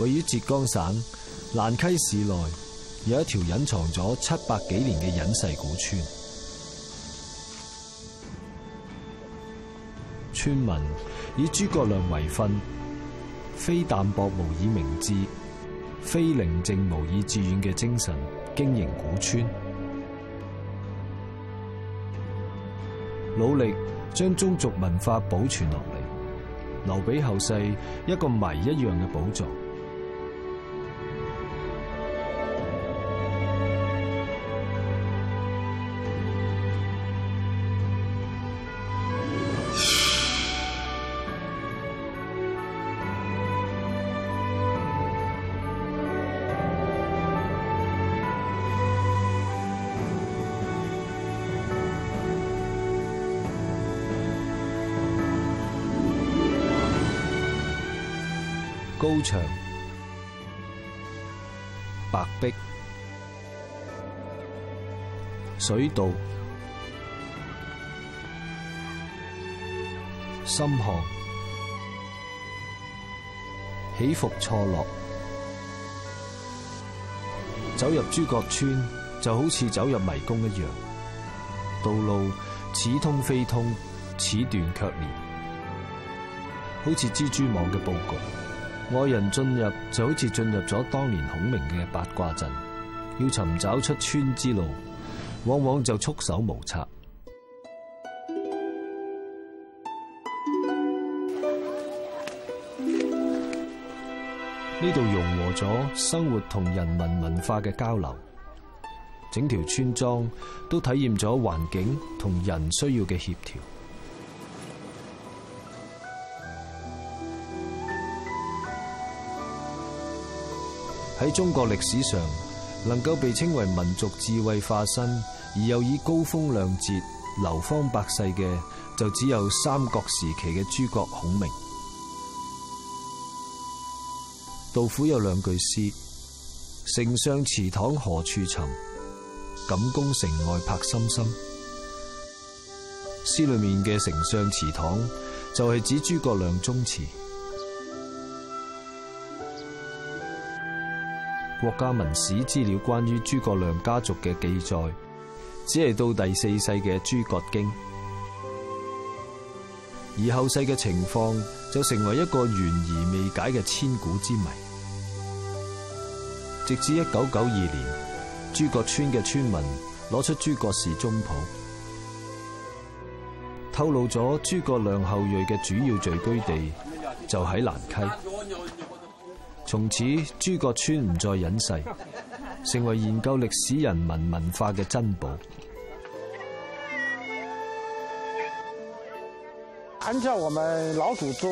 位於浙江省蘭溪市內，有一條隱藏咗七百幾年嘅隱世古村，村。村民以諸葛亮為訓，非淡泊無以明志，非寧靜無以致遠嘅精神經營古村，努力將宗族文化保存落嚟，留俾後世一個謎一樣嘅寶藏。高牆、白壁、水道、深巷、起伏錯落，走入諸葛村就好似走入迷宮一樣，道路似通非通，此斷卻連，好似蜘蛛網嘅布局。外人進入就好似進入咗當年孔明嘅八卦陣，要尋找出村之路，往往就束手無策。呢度融合咗生活同人民文化嘅交流，整條村莊都體驗咗環境同人需要嘅協調。喺中國歷史上，能夠被稱為民族智慧化身，而又以高風亮節流芳百世嘅，就只有三國時期嘅諸葛孔明。杜甫有兩句詩：丞相祠堂何處尋？錦官城外柏森森。詩裏面嘅丞相祠堂就係指諸葛亮宗祠。國家文史資料關於諸葛亮家族嘅記載，只係到第四世嘅諸葛京，而後世嘅情況就成為一個懸而未解嘅千古之謎。直至一九九二年，諸葛村嘅村民攞出諸葛氏宗譜，透露咗諸葛亮後裔嘅主要聚居地就喺蘭溪。從此諸葛村唔再隱世，成為研究歷史人文文化嘅珍寶。按照我們老祖宗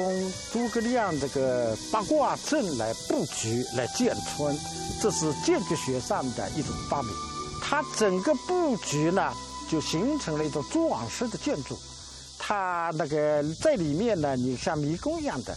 諸葛亮這個八卦陣來布局來建村，這是建築學上的一種發明。它整個布局呢，就形成了一種蛛網式的建築。它那個在裏面呢，你像迷宮一樣的。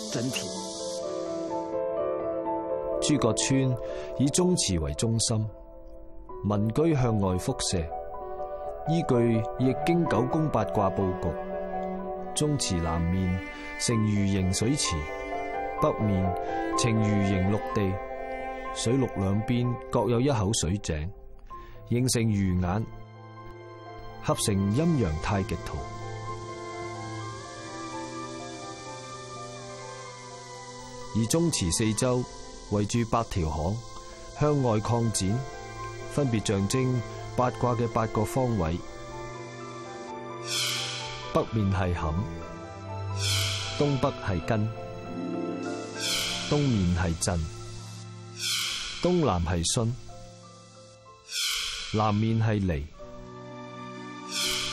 真片，諸葛村以宗祠為中心，民居向外輻射，依據易經九宮八卦布局。宗祠南面呈魚形水池，北面呈魚形陸地，水陸兩邊各有一口水井，形成魚眼，合成陰陽太極圖。而鍾池四周圍住八條巷，向外擴展，分別象徵八卦嘅八個方位：北面係坎，東北係艮，東面係震，東南係巽，南面係離，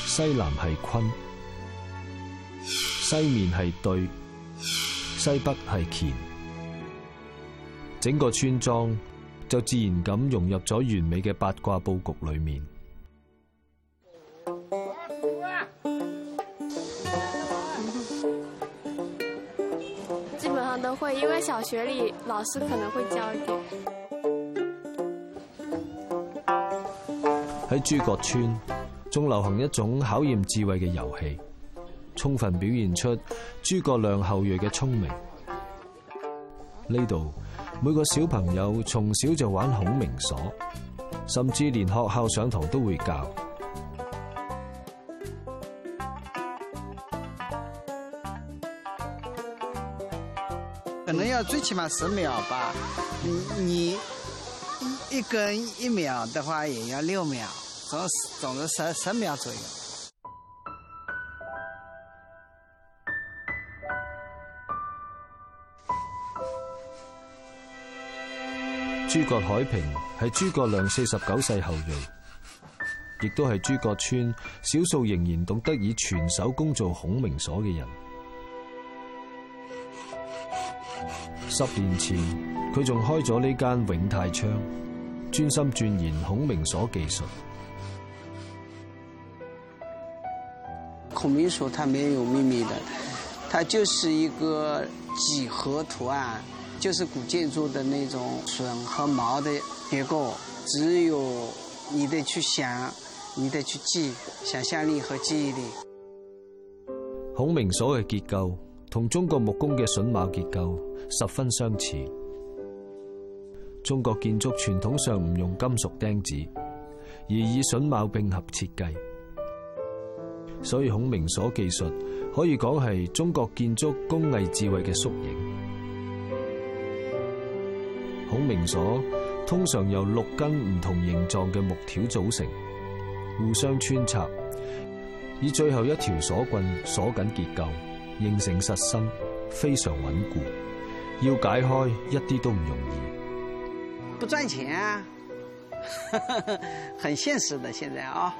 西南係坤，西面係兌，西北係乾。整個村莊就自然咁融入咗完美嘅八卦布局裏面。基本上都會，因為小學裏老師可能會教一點。喺諸葛村仲流行一種考驗智慧嘅遊戲，充分表現出諸葛亮後裔嘅聰明。呢度。每個小朋友從小就玩孔明鎖，甚至連學校上堂都會教。可能要最起碼十秒吧？你你一根一秒的話也要六秒，總總之十十秒左右。諸葛海平係諸葛亮四十九世後裔，亦都係諸葛村少數仍然懂得以全手工做孔明鎖嘅人。十年前，佢仲開咗呢間永泰昌，專心鑽研孔明鎖技術。孔明鎖它沒有秘密的，它就是一個幾何圖案。就是古建築的那種榫和卯的結構，只有你得去想，你得去記，想象力和記憶力。孔明鎖嘅結構同中國木工嘅榫卯結構十分相似。中國建築傳統上唔用金屬釘子，而以榫卯併合設計，所以孔明鎖技術可以講係中國建築工藝智慧嘅縮影。孔明鎖通常由六根唔同形狀嘅木條組成，互相穿插，以最後一條鎖棍鎖緊結構，形成實心，非常穩固。要解開一啲都唔容易。不賺錢啊， 很現實的，現在啊，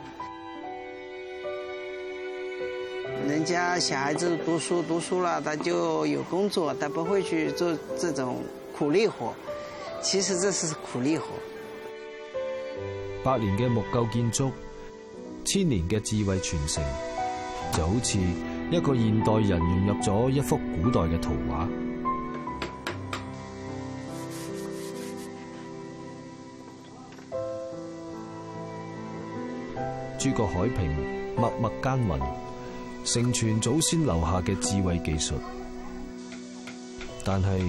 人家小孩子讀書讀書啦，他就有工作，他不會去做這種苦力活。其實這是苦力活。百年嘅木構建築，千年嘅智慧傳承，就好似一個現代人融入咗一幅古代嘅圖畫。諸葛海平默默耕耘，承傳祖先留下嘅智慧技術，但係。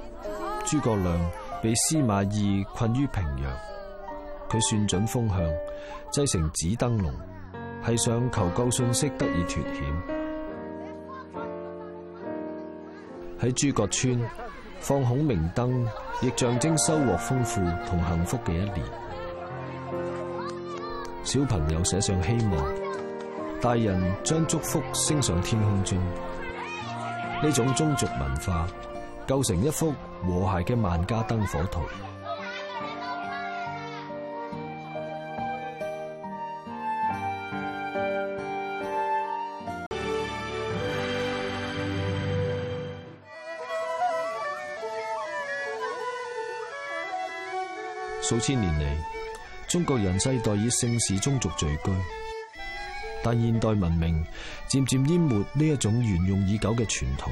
諸葛亮被司馬懿困於平陽，佢算準風向，製成紙燈籠，繫想求救信息得以脫險。喺諸葛村放孔明燈，亦象徵收穫豐富同幸福嘅一年。小朋友寫上希望，大人將祝福升上天空中。呢種宗族文化構成一幅。和諧嘅萬家燈火圖。 數千年嚟，中國人世代以姓氏宗族聚居，但現代文明漸漸淹沒呢一種沿用已久嘅傳統。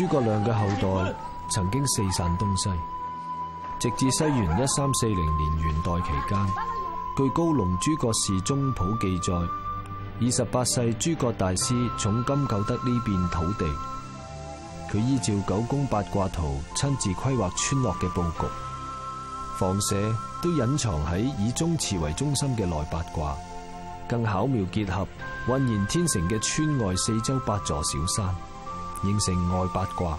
諸葛亮嘅後代曾經四散東西，直至西元一三四零年元代期間，據高隆諸葛氏宗譜記載，二十八世諸葛大師重金購得呢邊土地，佢依照九宮八卦圖親自規劃村落嘅佈局，房舍都隱藏喺以鍾池為中心嘅內八卦，更巧妙結合渾然天成嘅村外四周八座小山。形成外八卦。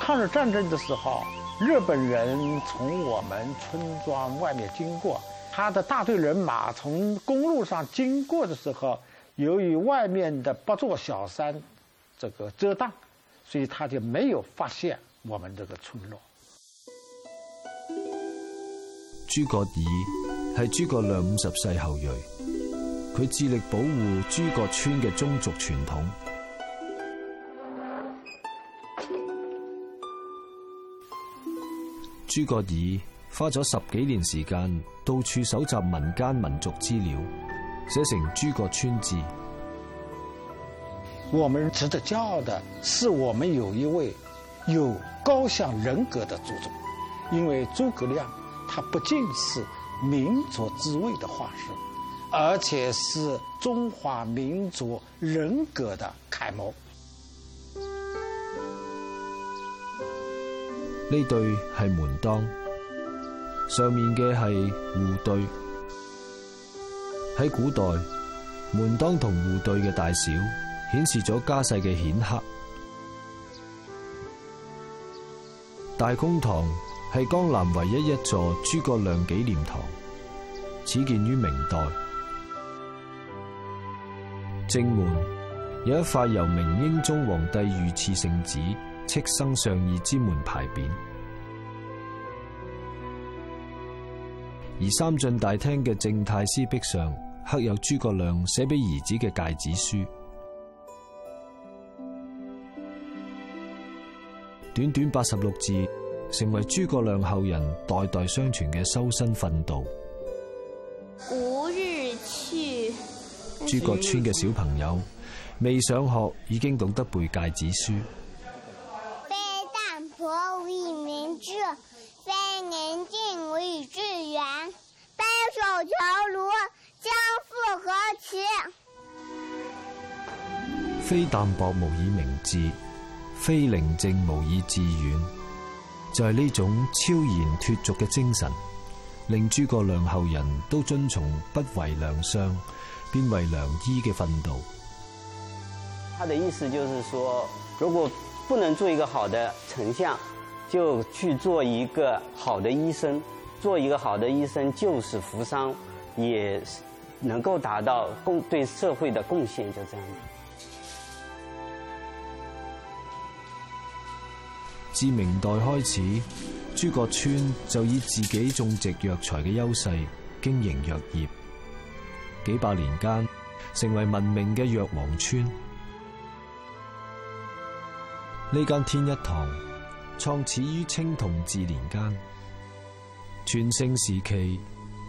抗日戰爭的時候，日本人從我們村莊外面經過，他的大隊人馬從公路上經過的時候，由於外面的八座小山這個遮擋，所以他就沒有發現我們這個村落。諸葛儀係諸葛亮五十世後裔，佢致力保護諸葛村嘅宗族傳統。諸葛已花咗十幾年時間，到處搜集民間民族資料，寫成《諸葛村志》。我們值得驕傲的是，我們有一位有高尚人格的祖宗，因為諸葛亮他不僅是民族智慧的化身，而且是中華民族人格的楷模。呢對係門當，上面嘅係戶對。喺古代，門當同戶對嘅大小顯示咗家世嘅顯赫。大公堂係江南唯一一座諸葛亮紀念堂，始建於明代。正門有一塊由明英宗皇帝御賜聖旨。戚生上義之門牌匾，而三進大廳嘅正太師壁上刻有諸葛亮寫俾兒子嘅誡子書，短短八十六字，成為諸葛亮後人代代相傳嘅修身訓導。五日去，諸葛村嘅小朋友未上學已經懂得背誡子書。非淡泊，無以明志，非寧靜，無以致遠。就係、是，呢種超然脱俗嘅精神，令諸葛亮後人都遵從不為良相，便為良醫嘅奮鬥。他的意思就是說，如果不能做一個好的丞相，就去做一個好的醫生。做一個好的醫生，救死扶傷，也。能夠達到共對社會的貢獻，就這樣的。自明代開始，諸葛村就以自己種植藥材嘅優勢經營藥業，幾百年間成為聞名嘅藥王村。呢間天一堂創始於清同治年間，全盛時期。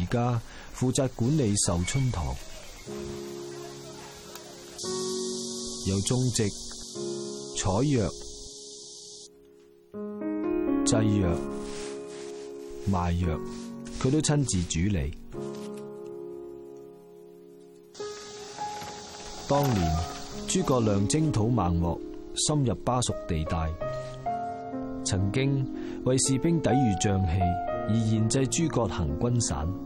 而家負責管理壽春堂，有種植、採藥、製藥、賣藥，佢都親自主理。當年諸葛亮征討孟獲，深入巴蜀地帶，曾經為士兵抵御瘴氣而研製諸葛行軍散。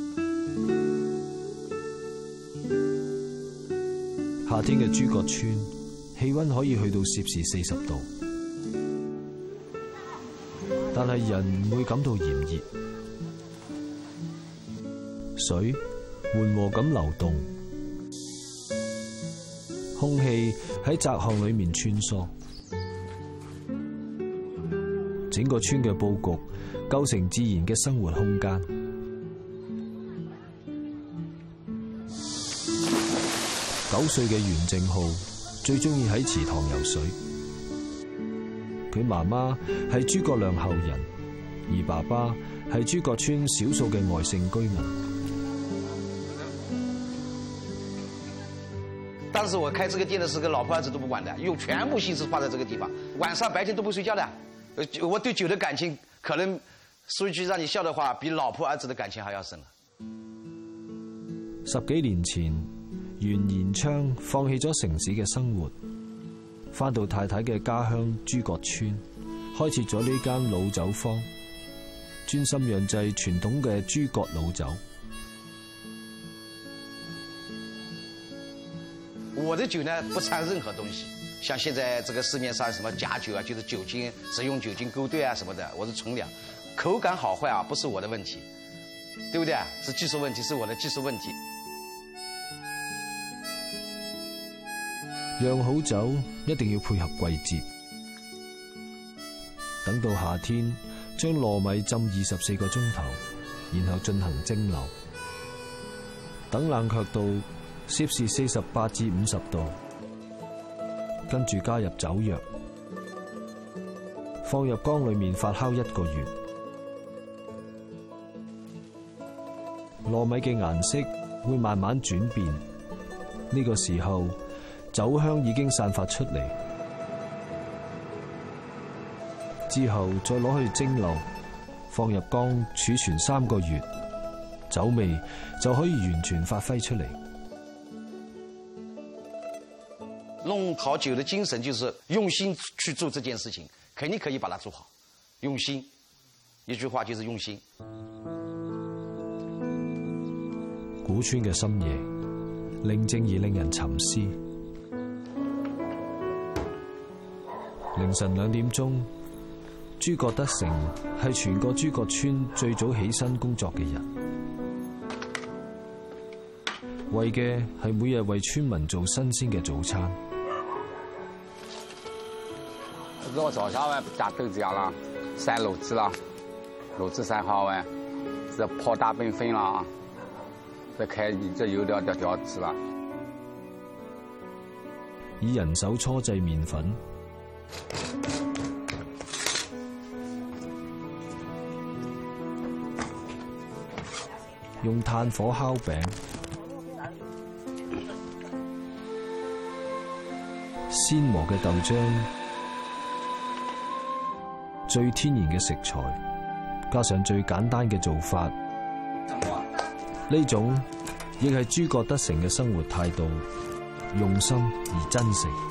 夏天嘅諸葛村，氣溫可以去到攝氏四十度，但係人唔會感到炎熱，水緩和咁流動，空氣喺窄巷裏面穿梭，整個村嘅布局構成自然嘅生活空間。九歲嘅袁正浩最中意喺池塘游水。佢媽媽係諸葛亮後人，而爸爸係諸葛村少數嘅外姓居民。當時我開這個店的時候，老婆兒子都不管的，用全部心思放在這個地方。晚上白天都不睡覺的。我對酒的感情，可能說一句讓你笑的話，比老婆兒子的感情還要深。十幾年前。袁延昌放棄咗城市嘅生活，翻到太太嘅家鄉諸葛村，開設咗呢間老酒坊，專心釀製傳統嘅諸葛老酒。我的酒呢，不摻任何東西，像現在這個市面上什麼假酒啊，就是酒精只用酒精勾兌啊，什麼的，我是純糧，口感好壞啊，不是我的問題，對不對？是技術問題，是我的技術問題。釀好酒一定要配合季節，等到夏天，將糯米浸二十四個鐘頭，然後進行蒸餾，等冷卻到攝氏四十八至五十度，跟住加入酒藥，放入缸裏面發酵一個月，糯米嘅顏色會慢慢轉變，呢個時候，酒香已經散發出嚟，之後再攞去蒸餾，放入缸，儲存三個月，酒味就可以完全發揮出嚟。弄好酒的精神就是用心去做這件事情，肯定可以把它做好。用心，一句話就是用心。古村嘅深夜，寧靜而令人沉思。凌晨兩點鐘，諸葛德成係全個諸葛村最早起身工作嘅人，為嘅係每日為村民做新鮮嘅早餐。咁多菜炒豆啦，三滷子啦，滷子三號喂，再泡大餅粉啦，再開，有啲啲餃吃啦，以人手搓製麵粉。用炭火烤餅，鮮磨嘅豆漿，最天然嘅食材，加上最簡單嘅做法，呢種亦係諸葛德成嘅生活態度，用心而真誠。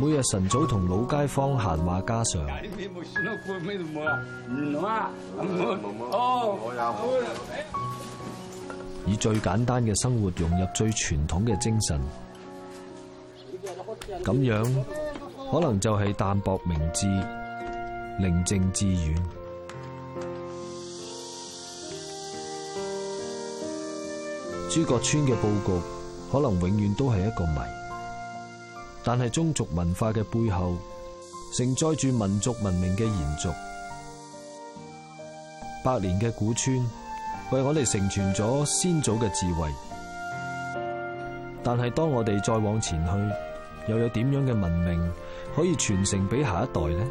每日晨早同老街坊閒話家常。以最簡單嘅生活融入最傳統嘅精神，咁樣可能就係淡泊明志、寧靜致遠。諸葛村嘅佈局可能永遠都係一個謎。但係宗族文化嘅背後，承載住民族文明嘅延續。百年嘅古村，為我哋成全咗先祖嘅智慧。但係當我哋再往前去，又有點樣嘅文明可以傳承俾下一代呢？